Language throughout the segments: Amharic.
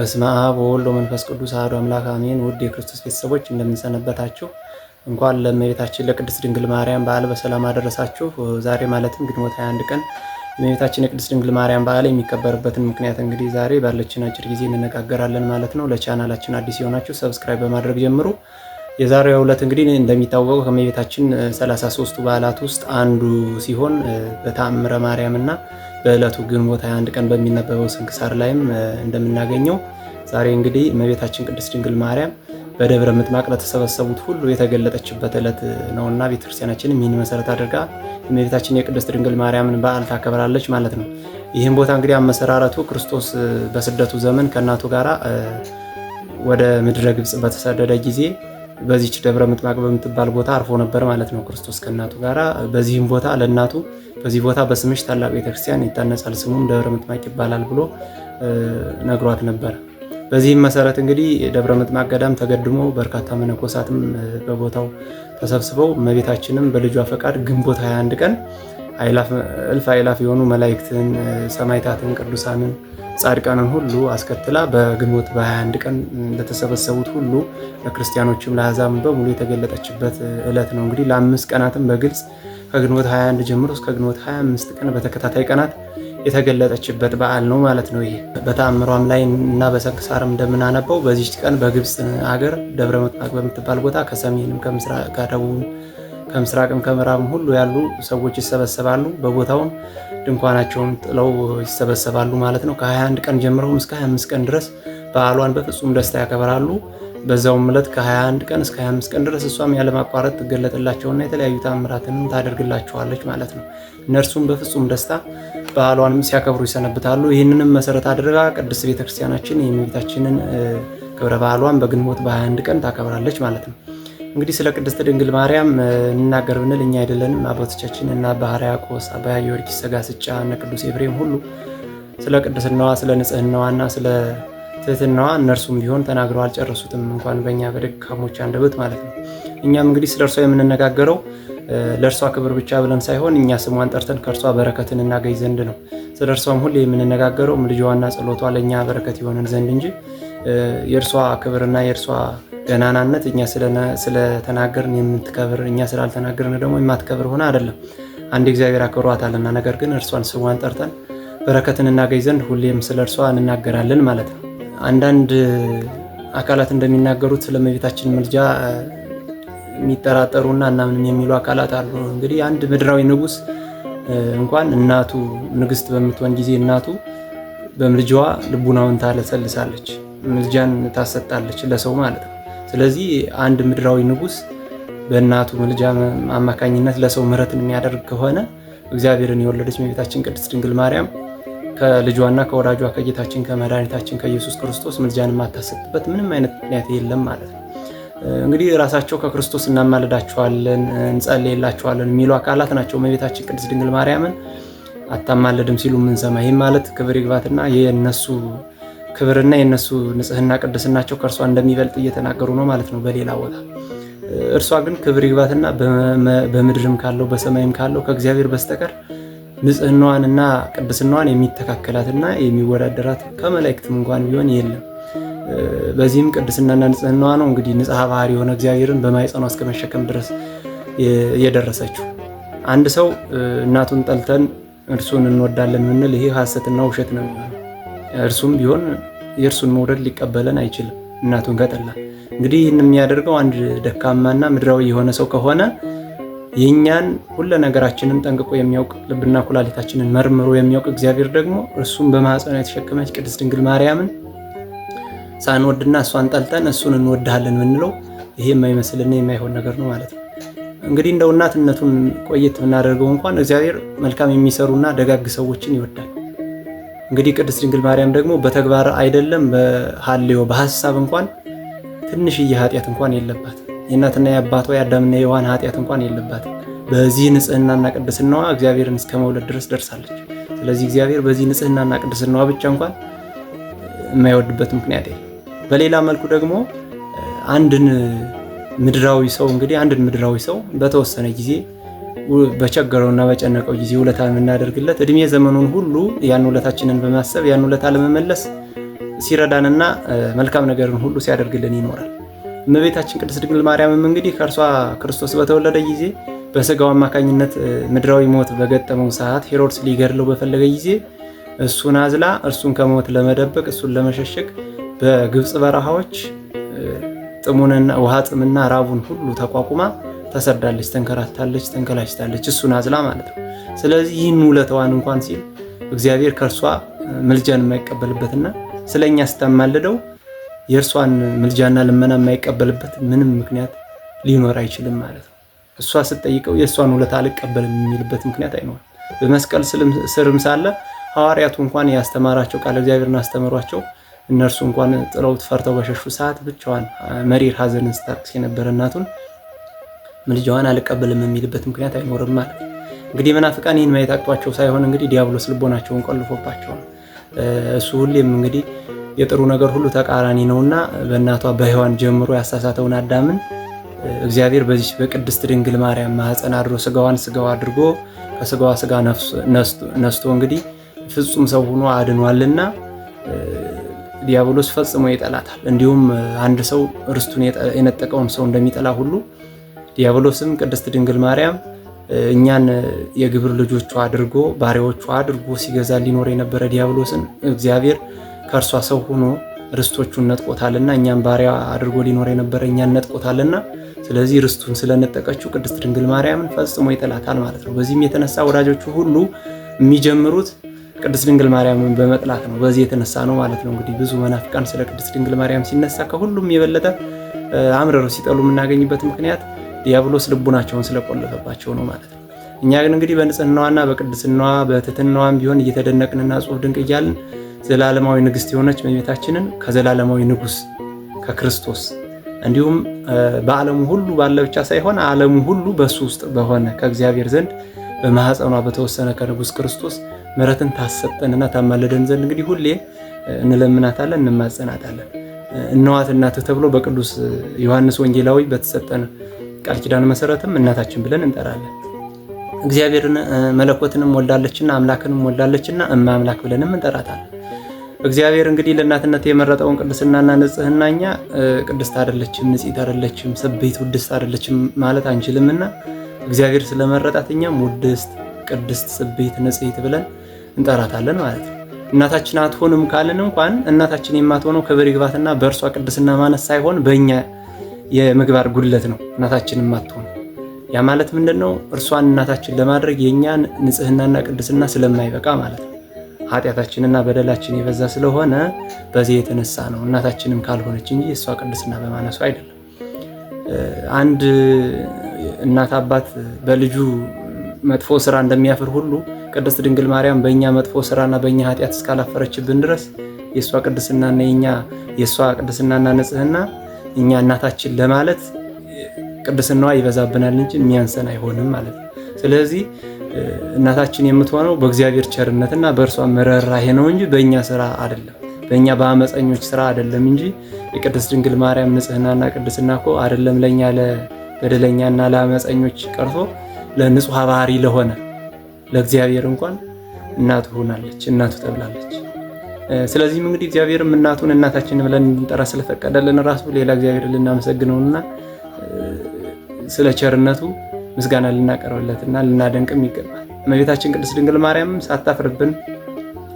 በስመ አብ ወወልድ ወመንፈስ ቅዱስ አሐዱ አምላክ አሜን። ውድ የክርስቶስ ቤተሰቦች እንደምንሰነበታችሁ፣ እንኳን ለእመቤታችን ለቅድስት ድንግል ማርያም በዓል በሰላም አደረሳችሁ። ዛሬ ማለትም ግንቦት 21 ቀን የእመቤታችን የቅድስት ድንግል ማርያም በዓል የሚከበርበትን ምክንያት እንግዲህ ዛሬ ባለችን አጭር ጊዜ እንነጋገራለን ማለት ነው። ለቻናላችን አዲስ የሆናችሁ ሰብስክራይብ በማድረግ ጀምሩ። የዛሬው ዕለት እንግዲህ እንደሚታወቀው ከመቤታችን 33ቱ በዓላት ውስጥ አንዱ ሲሆን በተአምረ ማርያም እና በዕለቱ ግንቦት 21 ቀን በሚነበበው ስንክሳር ላይም እንደምናገኘው ዛሬ እንግዲህ እመቤታችን ቅድስት ድንግል ማርያም በደብረ ምጥማቅ ለተሰበሰቡት ሁሉ የተገለጠችበት ዕለት ነውና ቤተክርስቲያናችን ይህን መሰረት አድርጋ እመቤታችን የቅድስት ድንግል ማርያምን በዓል ታከብራለች ማለት ነው። ይህም ቦታ እንግዲህ አመሰራረቱ ክርስቶስ በስደቱ ዘመን ከእናቱ ጋራ ወደ ምድረ ግብፅ በተሰደደ ጊዜ በዚች ደብረ ምጥማቅ በምትባል ቦታ አርፎ ነበር ማለት ነው ክርስቶስ ከእናቱ ጋራ። በዚህም ቦታ ለእናቱ በዚህ ቦታ በስምሽ ታላቅ ቤተክርስቲያን ይታነጻል ስሙም ደብረ ምጥማቅ ይባላል ብሎ ነግሯት ነበር። በዚህም መሰረት እንግዲህ ደብረ ምጥማቅ ገዳም ተገድሞ በርካታ መነኮሳትም በቦታው ተሰብስበው እመቤታችንም በልጇ ፈቃድ ግንቦት 21 ቀን እልፍ አይላፍ የሆኑ መላእክትን፣ ሰማይታትን ቅዱሳንን፣ ጻድቃንን ሁሉ አስከትላ በግንቦት በ21 ቀን ለተሰበሰቡት ሁሉ ለክርስቲያኖችም ለአሕዛብም በሙሉ የተገለጠችበት ዕለት ነው። እንግዲህ ለአምስት ቀናትም በግልጽ ከግንቦት 21 ጀምሮ እስከ ግንቦት 25 ቀን በተከታታይ ቀናት የተገለጠችበት በዓል ነው ማለት ነው። ይሄ በተአምሯም ላይ እና በስንክሳርም እንደምናነበው በዚች ቀን በግብፅ ሀገር ደብረ ምጥማቅ በምትባል ቦታ ከሰሜንም ከደቡብም ከምስራቅም ከምዕራብም ሁሉ ያሉ ሰዎች ይሰበሰባሉ። በቦታውም ድንኳናቸውን ጥለው ይሰበሰባሉ ማለት ነው። ከ21 ቀን ጀምረው እስከ 25 ቀን ድረስ በዓሏን በፍጹም ደስታ ያከብራሉ። በዛውም ዕለት ከ21 ቀን እስከ 25 ቀን ድረስ እሷም ያለማቋረጥ ትገለጥላቸውና የተለያዩ ታምራትንም ታደርግላቸዋለች ማለት ነው። እነርሱም በፍጹም ደስታ በዓሏንም ሲያከብሩ ይሰነብታሉ። ይህንንም መሰረት አድርጋ ቅድስት ቤተክርስቲያናችን የእመቤታችንን ክብረ በዓሏን በግንቦት በ21 ቀን ታከብራለች ማለት ነው። እንግዲህ ስለ ቅድስት ድንግል ማርያም እንናገር ብንል እኛ አይደለንም አባቶቻችን እና አባ ሕርያቆስ፣ አባ ጊዮርጊስ ዘጋስጫ እና ቅዱስ ኤፍሬም ሁሉ ስለ ቅድስናዋ፣ ስለ ንጽህናዋና ስለ ትህትናዋ እነርሱም ቢሆን ተናግረው አልጨረሱትም፣ እንኳን በእኛ በደካሞች አንደበት ማለት ነው። እኛም እንግዲህ ስለ እርሷ የምንነጋገረው ለእርሷ ክብር ብቻ ብለን ሳይሆን እኛ ስሟን ጠርተን ከእርሷ በረከትን እናገኝ ዘንድ ነው። ስለ እርሷም ሁሌ የምንነጋገረው ልጇና ጸሎቷ ለእኛ በረከት ይሆነን ዘንድ እንጂ የእርሷ ክብርና የእርሷ ገናናነት እኛ ስለተናገርን የምትከብር እኛ ስላልተናገርን ደግሞ የማትከብር ሆነ አይደለም። አንድ እግዚአብሔር አክብሯታልና፣ ነገር ግን እርሷን ስሟን ጠርተን በረከትን እናገኝ ዘንድ ሁሌም ስለ እርሷ እንናገራለን ማለት ነው። አንዳንድ አካላት እንደሚናገሩት ስለእመቤታችን ምልጃ የሚጠራጠሩና እናምንም የሚሉ አካላት አሉ። እንግዲህ አንድ ምድራዊ ንጉሥ እንኳን እናቱ ንግሥት በምትሆን ጊዜ እናቱ በምልጃዋ ልቡናውን ታለሰልሳለች። ምልጃን ታሰጣለች ለሰው ማለት ነው። ስለዚህ አንድ ምድራዊ ንጉስ በእናቱ ምልጃ አማካኝነት ለሰው ምሕረትን የሚያደርግ ከሆነ እግዚአብሔርን የወለደች እመቤታችን ቅድስት ድንግል ማርያም ከልጇና ከወዳጇ ከጌታችን ከመድኃኒታችን ከኢየሱስ ክርስቶስ ምልጃን የማታሰጥበት ምንም አይነት ምክንያት የለም ማለት ነው። እንግዲህ ራሳቸው ከክርስቶስ እናማልዳቸዋለን እንጸልይላቸዋለን የሚሉ አካላት ናቸው እመቤታችን ቅድስት ድንግል ማርያምን አታማልድም ሲሉ የምንሰማ ይህም ማለት ክብር ይግባትና የእነሱ ክብርና የእነሱ ንጽህና ቅድስናቸው ከእርሷ እንደሚበልጥ እየተናገሩ ነው ማለት ነው በሌላ ቦታ። እርሷ ግን ክብር ይግባትና በምድርም ካለው በሰማይም ካለው ከእግዚአብሔር በስተቀር ንጽህናዋንና ቅድስናዋን የሚተካከላትና የሚወዳደራት ከመላእክትም እንኳን ቢሆን የለም። በዚህም ቅድስናና ንጽህናዋ ነው እንግዲህ ንጽሐ ባህሪ የሆነ እግዚአብሔርን በማይጸኗ እስከመሸከም ድረስ የደረሰችው። አንድ ሰው እናቱን ጠልተን እርሱን እንወዳለን ምንል ይሄ ሐሰትና ውሸት ነው የሚሆነው። እርሱም ቢሆን የእርሱን መውደድ ሊቀበለን አይችልም፣ እናቱን ከጠላ። እንግዲህ ይህን የሚያደርገው አንድ ደካማና ምድራዊ የሆነ ሰው ከሆነ የእኛን ሁለ ነገራችንን ጠንቅቆ የሚያውቅ ልብና ኩላሊታችንን መርምሮ የሚያውቅ እግዚአብሔር ደግሞ እርሱን በማኅፀኗ የተሸከመች ቅድስት ድንግል ማርያምን ሳንወድና እሷን ጠልጠን እሱን እንወድሃለን የምንለው ይሄ የማይመስልና የማይሆን ነገር ነው ማለት ነው። እንግዲህ እንደው እናትነቱን ቆየት ብናደርገው እንኳን እግዚአብሔር መልካም የሚሰሩና ደጋግ ሰዎችን ይወዳል። እንግዲህ ቅድስት ድንግል ማርያም ደግሞ በተግባር አይደለም በሐልዮ በሐሳብ እንኳን ትንሽዬ ኃጢአት እንኳን የለባት። የእናትና የአባቷ የአዳምና የዋን ኃጢአት እንኳን የለባት። በዚህ ንጽህናና ቅድስናዋ እግዚአብሔርን እስከ መውለድ ድረስ ደርሳለች። ስለዚህ እግዚአብሔር በዚህ ንጽህናና ቅድስናዋ ብቻ እንኳን የማይወድበት ምክንያት የለም። በሌላ መልኩ ደግሞ አንድን ምድራዊ ሰው እንግዲህ አንድን ምድራዊ ሰው በተወሰነ ጊዜ በቸገረውና በጨነቀው ጊዜ ውለታ የምናደርግለት እድሜ ዘመኑን ሁሉ ያን ውለታችንን በማሰብ ያን ውለታ ለመመለስ ሲረዳንና መልካም ነገርን ሁሉ ሲያደርግልን ይኖራል። እመቤታችን ቅድስት ድንግል ማርያምም እንግዲህ ከእርሷ ክርስቶስ በተወለደ ጊዜ በስጋው አማካኝነት ምድራዊ ሞት በገጠመው ሰዓት ሄሮድስ ሊገድለው በፈለገ ጊዜ እሱን አዝላ እርሱን ከሞት ለመደበቅ እሱን ለመሸሸግ በግብፅ በረሃዎች ጥሙንና ውሃ ጥምና ራቡን ሁሉ ተቋቁማ ተሰርዳለች፣ ተንከራታለች፣ ተንከላችታለች እሱን አዝላ ማለት ነው። ስለዚህ ይህን ውለታዋን እንኳን ሲል እግዚአብሔር ከእርሷ ምልጃን የማይቀበልበትና ስለኛ ስታማልደው የእርሷን ምልጃና ልመና የማይቀበልበት ምንም ምክንያት ሊኖር አይችልም ማለት ነው። እሷ ስትጠይቀው የእሷን ውለታ አልቀበልም የሚልበት ምክንያት አይኖርም። በመስቀል ስርም ሳለ ሐዋርያቱ እንኳን ያስተማራቸው ቃል እግዚአብሔርን አስተምሯቸው እነርሱ እንኳን ጥለውት ፈርተው በሸሹ ሰዓት ብቻዋን መሪር ሐዘንን ስታቅስ የነበረ እናቱን ምልጃዋን አልቀበልም የሚልበት ምክንያት አይኖርም ማለት ነው። እንግዲህ መናፍቃን ይህን ማየት አቅቷቸው ሳይሆን እንግዲህ ዲያብሎስ ልቦናቸውን ቆልፎባቸው ነው። እሱ ሁሌም እንግዲህ የጥሩ ነገር ሁሉ ተቃራኒ ነውና በእናቷ በሔዋን ጀምሮ ያሳሳተውን አዳምን እግዚአብሔር በዚች በቅድስት ድንግል ማርያም ማኅፀን አድሮ ስጋዋን ስጋው አድርጎ ከስጋዋ ስጋ ነስቶ እንግዲህ ፍጹም ሰው ሆኖ አድኗልና ዲያብሎስ ፈጽሞ ይጠላታል። እንዲሁም አንድ ሰው ርስቱን የነጠቀውን ሰው እንደሚጠላ ሁሉ ዲያብሎስም ቅድስት ድንግል ማርያም እኛን የግብር ልጆቿ አድርጎ ባሪያዎቹ አድርጎ ሲገዛ ሊኖር የነበረ ዲያብሎስን እግዚአብሔር ከእርሷ ሰው ሆኖ ርስቶቹን ነጥቆታልና እኛን ባሪያ አድርጎ ሊኖር የነበረ እኛን ነጥቆታልና፣ ስለዚህ ርስቱን ስለነጠቀችው ቅድስት ድንግል ማርያምን ፈጽሞ ይጠላታል ማለት ነው። በዚህም የተነሳ ወዳጆቹ ሁሉ የሚጀምሩት ቅድስት ድንግል ማርያምን በመጥላት ነው። በዚህ የተነሳ ነው ማለት ነው። እንግዲህ ብዙ መናፍቃን ስለ ቅድስት ድንግል ማርያም ሲነሳ ከሁሉም የበለጠ አምርረው ሲጠሉ የምናገኝበት ምክንያት ዲያብሎስ ልቡናቸውን ስለቆለፈባቸው ነው ማለት ነው። እኛ ግን እንግዲህ በንጽህናዋና በቅድስናዋ በትህትናዋም ቢሆን እየተደነቅንና ጽሑፍ ድንቅ እያልን ዘላለማዊ ንግስት የሆነች መቤታችንን ከዘላለማዊ ንጉስ ከክርስቶስ እንዲሁም በዓለሙ ሁሉ ባለ ብቻ ሳይሆን ዓለሙ ሁሉ በእሱ ውስጥ በሆነ ከእግዚአብሔር ዘንድ በማህፀኗ በተወሰነ ከንጉስ ክርስቶስ ምሕረትን ታሰጠንና ታማለደን ዘንድ እንግዲህ ሁሌ እንለምናታለን፣ እንማጸናታለን። እነዋት እናትህ ተብሎ በቅዱስ ዮሐንስ ወንጌላዊ በተሰጠነ ቃል ኪዳን መሰረትም እናታችን ብለን እንጠራለን። እግዚአብሔርን መለኮትንም ወልዳለችና አምላክንም ወልዳለችና እመ አምላክ ብለንም እንጠራታለን። እግዚአብሔር እንግዲህ ለእናትነት የመረጠውን ቅድስናና ንጽህና እኛ ቅድስት አይደለችም፣ ንጽሕት አይደለችም፣ ስቤት ውድስት አይደለችም ማለት አንችልምና እግዚአብሔር ስለመረጣት እኛም ውድስት፣ ቅድስት፣ ስቤት ንጽሕት ብለን እንጠራታለን ማለት ነው። እናታችን አትሆንም ካልን እንኳን እናታችን የማትሆነው ክብር ይግባትና በእርሷ ቅድስና ማነስ ሳይሆን በእኛ የምግባር ጉድለት ነው እናታችን የማትሆን። ያ ማለት ምንድን ነው? እርሷን እናታችን ለማድረግ የእኛን ንጽህናና ቅድስና ስለማይበቃ ማለት ነው። ኃጢአታችንና በደላችን የበዛ ስለሆነ በዚህ የተነሳ ነው እናታችንም ካልሆነች እንጂ እሷ ቅድስና በማነሱ አይደለም። አንድ እናት አባት በልጁ መጥፎ ስራ እንደሚያፍር ሁሉ ቅድስት ድንግል ማርያም በእኛ መጥፎ ስራና በእኛ ኃጢአት እስካላፈረችብን ድረስ የእሷ ቅድስናና የእኛ የእሷ ቅድስናና ንጽህና እኛ እናታችን ለማለት ቅድስናዋ ይበዛብናል እንጂ የሚያንሰን አይሆንም ማለት ነው። ስለዚህ እናታችን የምትሆነው በእግዚአብሔር ቸርነትና በእርሷ መረራሄ ነው እንጂ በእኛ ስራ አይደለም፣ በእኛ በአመፀኞች ስራ አይደለም እንጂ የቅድስት ድንግል ማርያም ንጽህናና ቅድስና እኮ አይደለም ለእኛ ለበደለኛና ለአመፀኞች ቀርቶ ለንጹሐ ባህሪ ለሆነ ለእግዚአብሔር እንኳን እናቱ ሆናለች፣ እናቱ ተብላለች። ስለዚህም እንግዲህ እግዚአብሔርም እናቱን እናታችን ብለን እንጠራ ስለፈቀደልን ራሱ ሌላ እግዚአብሔር ልናመሰግነውና ስለ ቸርነቱ ምስጋና ልናቀርብለትና ልናደንቅም ይገባል። እመቤታችን ቅድስት ድንግል ማርያም ሳታፍርብን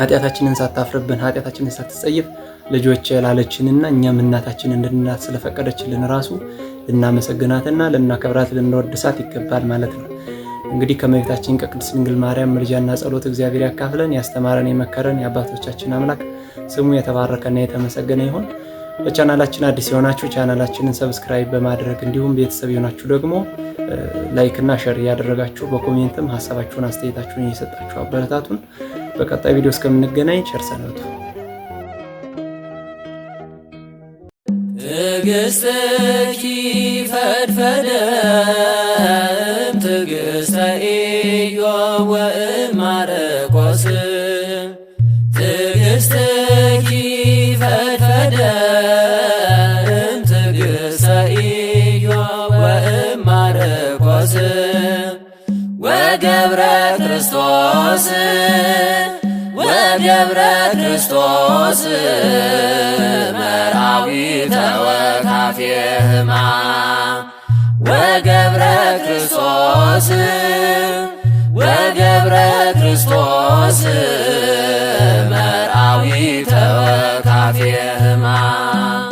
ኃጢአታችንን ሳታፍርብን ኃጢአታችንን ሳትጸይፍ ልጆች ላለችንና እኛም እናታችን እንድንላት ስለፈቀደችልን ራሱ ልናመሰግናትና ልናከብራት ልንወድሳት ይገባል ማለት ነው። እንግዲህ ከእመቤታችን ከቅድስት ድንግል ማርያም ምልጃና ጸሎት እግዚአብሔር ያካፍለን። ያስተማረን የመከረን የአባቶቻችን አምላክ ስሙ የተባረከና የተመሰገነ ይሁን። በቻናላችን አዲስ የሆናችሁ ቻናላችንን ሰብስክራይብ በማድረግ እንዲሁም ቤተሰብ የሆናችሁ ደግሞ ላይክና ሸር እያደረጋችሁ በኮሜንትም ሀሳባችሁን አስተያየታችሁን እየሰጣችሁ አበረታቱን። በቀጣይ ቪዲዮ እስከምንገናኝ ቸር ሰንብቱ። ትዕግሥትኪ ፈድፈደ ነፍሰ ኢዮብ ወእማርቆስ ትዕግሥትኪ ፈድፈደ እምትዕግሥተ ኢዮብ ወእማርቆስ ወገብረ ክርስቶስ ወገብረ ክርስቶስ መራዊ ተወካፌ ህማ ወገብረ ክርስቶስ ወገብረ ክርስቶስ መርአዊ ተወካፌ ህማ